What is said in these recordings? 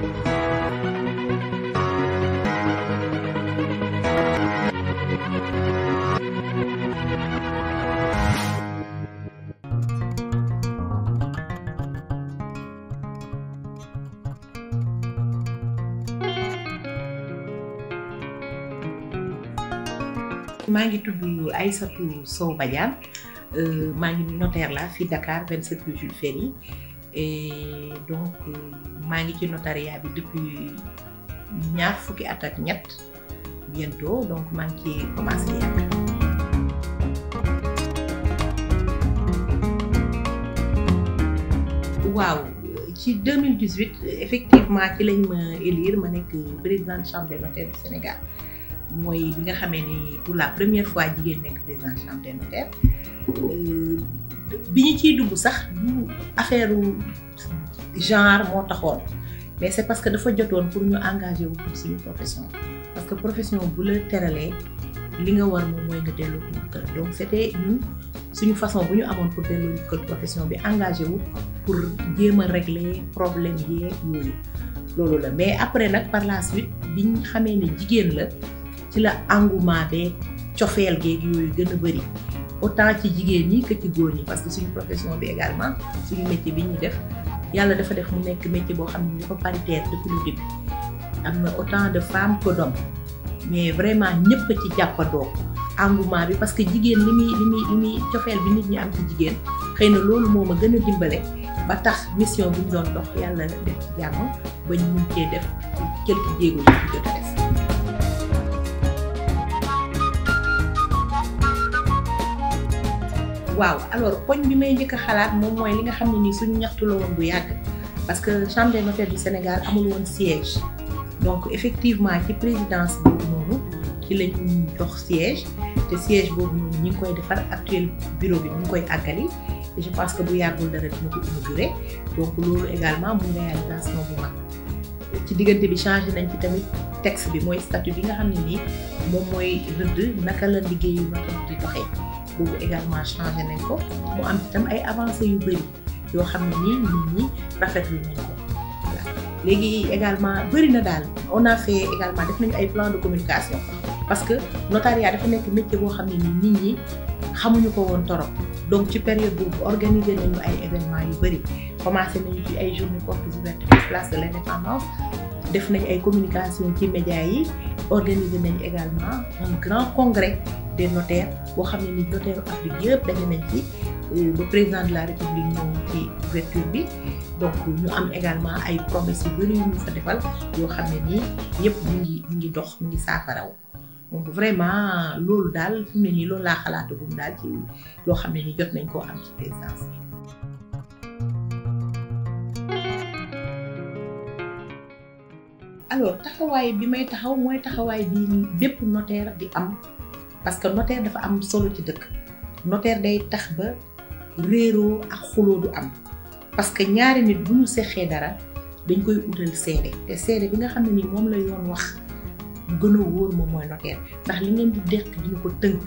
maa ngi tudd Aïssatou Sow Badiane euh, maa ngi notaire la fii Dakar 27 rue Jules Ferry et donc euh, maa ngi ci notariat bi depuis ñaar fukki at ak ñett bientôt donc maa ngi ci commencé yàgg waaw ci 2018 effectivement ci lañ ma élire ma nekk présidente chambre du Sénégal mooy bi nga xamee ni pour la première fois jigéen nekk président chambre des notaires euh, bi ñu ciy dugg sax du affaire genre moo taxoon mais c'est parce que dafa jotoon pour ñu engagé wu pour parce que profession bu la li nga war moom mooy nga delloo suñu façon bu ñu amoon pour delloo kër profession bi engagé wu pour jéem a régler problème yeeg yooyu loolu la mais après nag par la suite biñ xamee ne jigéen la ci la engouement bee cofeel geeg yooyu gën a bëri autant ci jigéen ñi que ci góor ñi parce que suñu profession bi également suñu métier bi ñu def yàlla dafa def mu nekk métier boo xam ne dafa paritaire depuis le début am na autant de femmes que d'hommes mais vraiment ñëpp ci jàppandoo engouement bi parce que jigéen li muy li muy cofeel bi nit ñi am ci jigéen xëy na loolu moo ma gën a dimbale ba tax mission bi ñu doon dox yàlla def ci jàmm ba ñu mun cee def quelques waaw alors poñ bi may njëkk a xalaat moom mooy li nga xam ne nii suñu ñaxtu la woon bu yàgg parce que chambre des notaires du Sénégal amul woon siège donc effectivement ci présidence boobu noonu ci lañ jox te siège boobu ñu ngi koy defar actuel bureau bi ñu ngi koy àggali et je pense que bu yàggul dara dina ko inauguré donc loolu également muy réalisation bu mag ci diggante bi changé nañ ci tamit texte bi mooy statut bi nga xam ne nii moom mooy rëdd naka la liggéeyu notaire di doxee. boobu également changé nañ mu am itam ay avancées yu bëri yoo xam ne nii nit ñi rafetlu nañ ko voilà léegi également bëri na daal on également def nañu ay plan de communication parce que notariat dafa nekk métier boo xam ne nii nit ñi xamuñu ko woon torop donc ci période boobu organiser nañu ay événements yu bëri commencé nañu ci ay journées portes ouvertes place de l' def nañ ay communication ci médias yi organiser nañu également un grand de notaires boo xam ne ni notaire Afrique yëpp daje nañ ci ba euh, président de la république ñëw ci ouverture bi donc ñu am également ay promesses yu bëri fa defal yoo xam ne ni yëpp mu ngi mu ngi dox mu ngi saafaraw donc vraiment loolu daal fi mu ne nii loolu laa xalaatagum daal ci loo xam ne nii jot nañ koo am ci présidence bi. taxawaay bi may taxaw mooy taxawaay bi bépp notaire di am. parce que notaire dafa am solo ci dëkk notaire day tax ba réeroo ak xuloo du am parce que ñaari nit bu ñu dara dañ koy utal seede te seede bi nga xam ne ni moom la yoon wax bu gën wóor moom mooy notaire ndax li ngeen di dékk dina ko tënk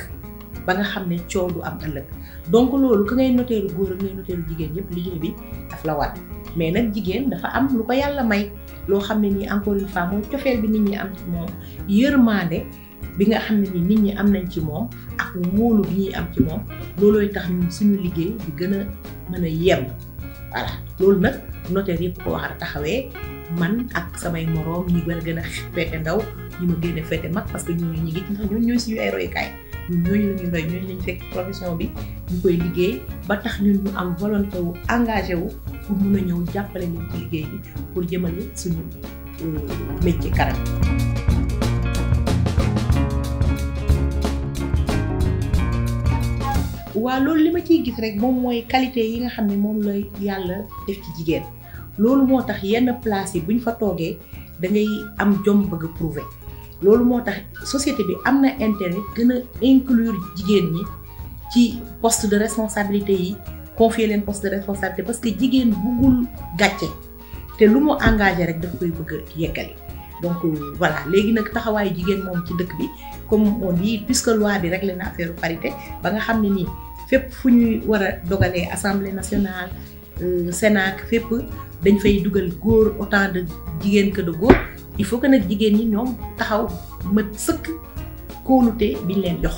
ba nga xam ne coow du am ëllëg donc loolu ka ngay notaire góor ak ngay notaire jigéen yëpp liggéey bi daf la war mais nag jigéen dafa am lu ko yàlla may loo xam ne nii encore une fois moom cofeel bi nit ñi am ci moom yërmande bi nga xam ne ni nit ñi am nañ ci moom ak wóolu bi ñuy am ci moom loolooy tax ñun suñu liggéey bi gën a mën a yem voilà loolu nag notaire yëpp ko wax a taxawee man ak samay moroom ñi war gën a fete ndaw ñi ma gën a fete mag parce que ñooñu ñi ngi ndax ñooñu ñooy suñu ay royukaay ñun ñooñu fekk profession bi ñu koy liggéey ba tax ñu ñu am volonté wu engagé wu pour mun a ñëw jàppale leen ci liggéey bi pour jëmale suñu euh, métier kanam waa loolu li ma ciy gis rek moom mooy qualité yi nga xam ni moom la yàlla def ci jigéen loolu moo tax yenn place yi bu ñu fa toogee dangay am jom bëgg a loolu moo tax société bi am na intérêt gën a inclure jigéen ñi ci post de responsabilité yi confier leen poste de responsabilité parce que jigéen buggul gàcce te lu mu engagé rek daf koy bëgg a yeggali donc euh, voilà léegi nag taxawaayu jigéen moom ci dëkk bi comme on dit puisque loi bi réglé na affaire parité ba nga xam ne nii fépp fu ñuy war a dogalee assemblée nationale euh, Sénat fépp dañ fay dugal góor autant de jigéen kë de góor il faut que nag jigéen ñi ñoom taxaw mët sëkk kóolute bi ñu leen jox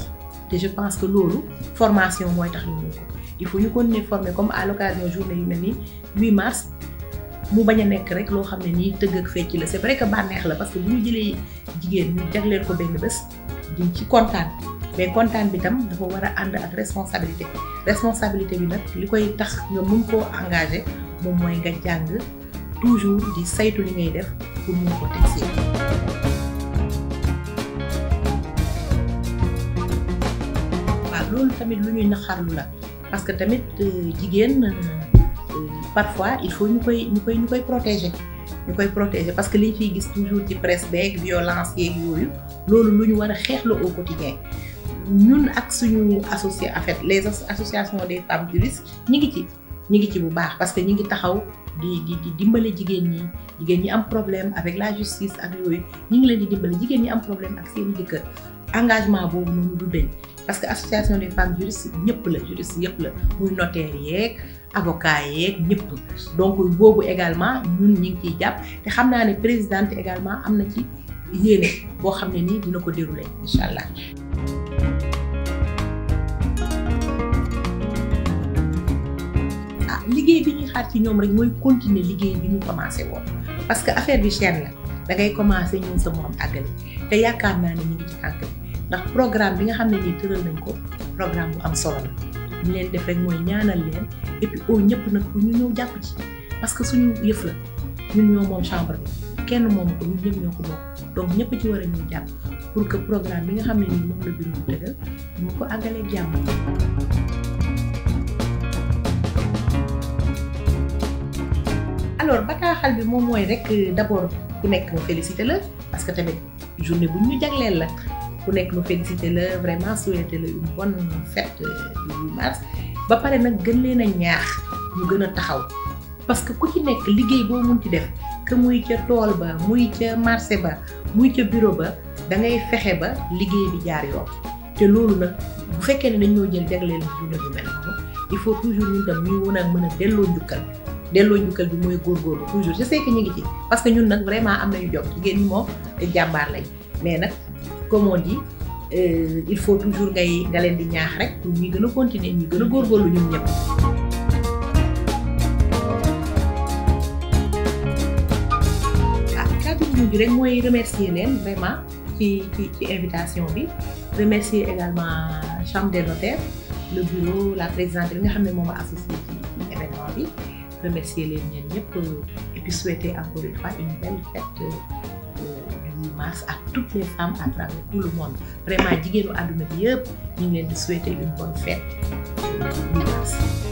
te je pense que loolu formation mooy tax ñu mun ko il former comme à l'occasion journée yu mel ni 8 mars. mu bañ a nekk rek loo xam ne nii tëgg ak fecc la c'est vrai que bànneex la parce que bu ñu jëlee jigéen ñu jagleel ko benn bés di ci kontaan mais kontaan bi tam dafa war a ànd ak responsabilité responsabilité bi nag li koy tax nga mun koo engagé moom mooy nga jàng toujours di saytu li ngay def pour mun ko teg si waaw loolu tamit lu ñuy naxarlu la parce que tamit euh, jigéen euh, parfois il faut ñu koy ñu koy ñu koy protégé ñu koy protéger parce que liñ fiy gis toujours ci presse beeg violence yeeg yooyu loolu lu ñu war a xeex la au ñun ak suñu associé en fait les associations des femmes juristes ñu ngi ci ñu ngi ci bu baax parce que ñu ngi taxaw di di dimbale jigéen ñi jigéen ñi am problème avec la justice yooyu ñu ngi leen di dimbale jigéen ñi am problème ak seen jëkkër engagement boobu noonu du deñ parce que association des femmes juristes ñëpp la juristes yëpp la muy notaire yeeg avocat yeeg ñëpp donc boobu également ñun ñu ngi jàpp te xam naa ne présidente également am na ci yéene boo xam ne nii dina ko déroulé incha allah. Ah, liggéey bi ñuy xaar ci ñoom rek mooy continuer liggéey bi ñu commencé woon parce que affaire bi chaîne la da ngay commencé ñun sa morom àggale te yaakaar naa ne ñu ngi ci tànk bi ndax programme bi nga xam ne nii tëral nañ ko programme bu am solo la. li leen def rek mooy ñaanal leen et puis au ñëpp nag pour ñu ñëw jàpp ci parce que suñu yëf la ñun ñoo moom chambre bi kenn moom ko ñun ñëpp ñoo ko moom donc ñëpp ci war a ñuy jàpp pour que programme bi nga xam ne nii moom la biroom tëgal ñu ko àggaleeg jàmm alors bataaxal bi moom mooy rek euh, d'abord ku nekk ma félicité la parce que tamit journée bu ñu jagleel la ku nekk ma félicité la vraiment souhaité la une bonne fête du 8 mars ba pare nag gën leen a ñaax ñu gën a taxaw parce que ku ci nekk liggéey boo mun ci def que muy ca tool ba muy ca marché ba muy ca bureau ba da ngay fexe ba liggéey bi jaar yoon te loolu nag bu fekkee ne dañoo jël jagleel journée bu mel noonu il faut toujours ñun tam ñu wan a mën delloo njukkal delloo njukkal bi mooy góorgóorlu toujours je sais que ñu ngi ci parce que ñun nag vraiment am nañu jot jigéen ñi moom jàmbaar lañ mais nag. comme on dit euh, il faut toujours ngay nga leen di ñaax rek pour ñuy gën a continuer ñu gën a góorgóorlu ñun ñëpp. ah kàddu rek mooy remercier leen vraiment ci ci ci invitation bi remercier également chambre des notaires le bureau la présidente bi nga xam ne moom a associé ci événement bi remercier leen ñeen ñëpp et encore une fois une belle 18 mars à toutes les femmes à travers tout le monde vraiment jigéenu àdduna bi yëpp ñu ngi leen di souhaiter une bonne fête 18 mars.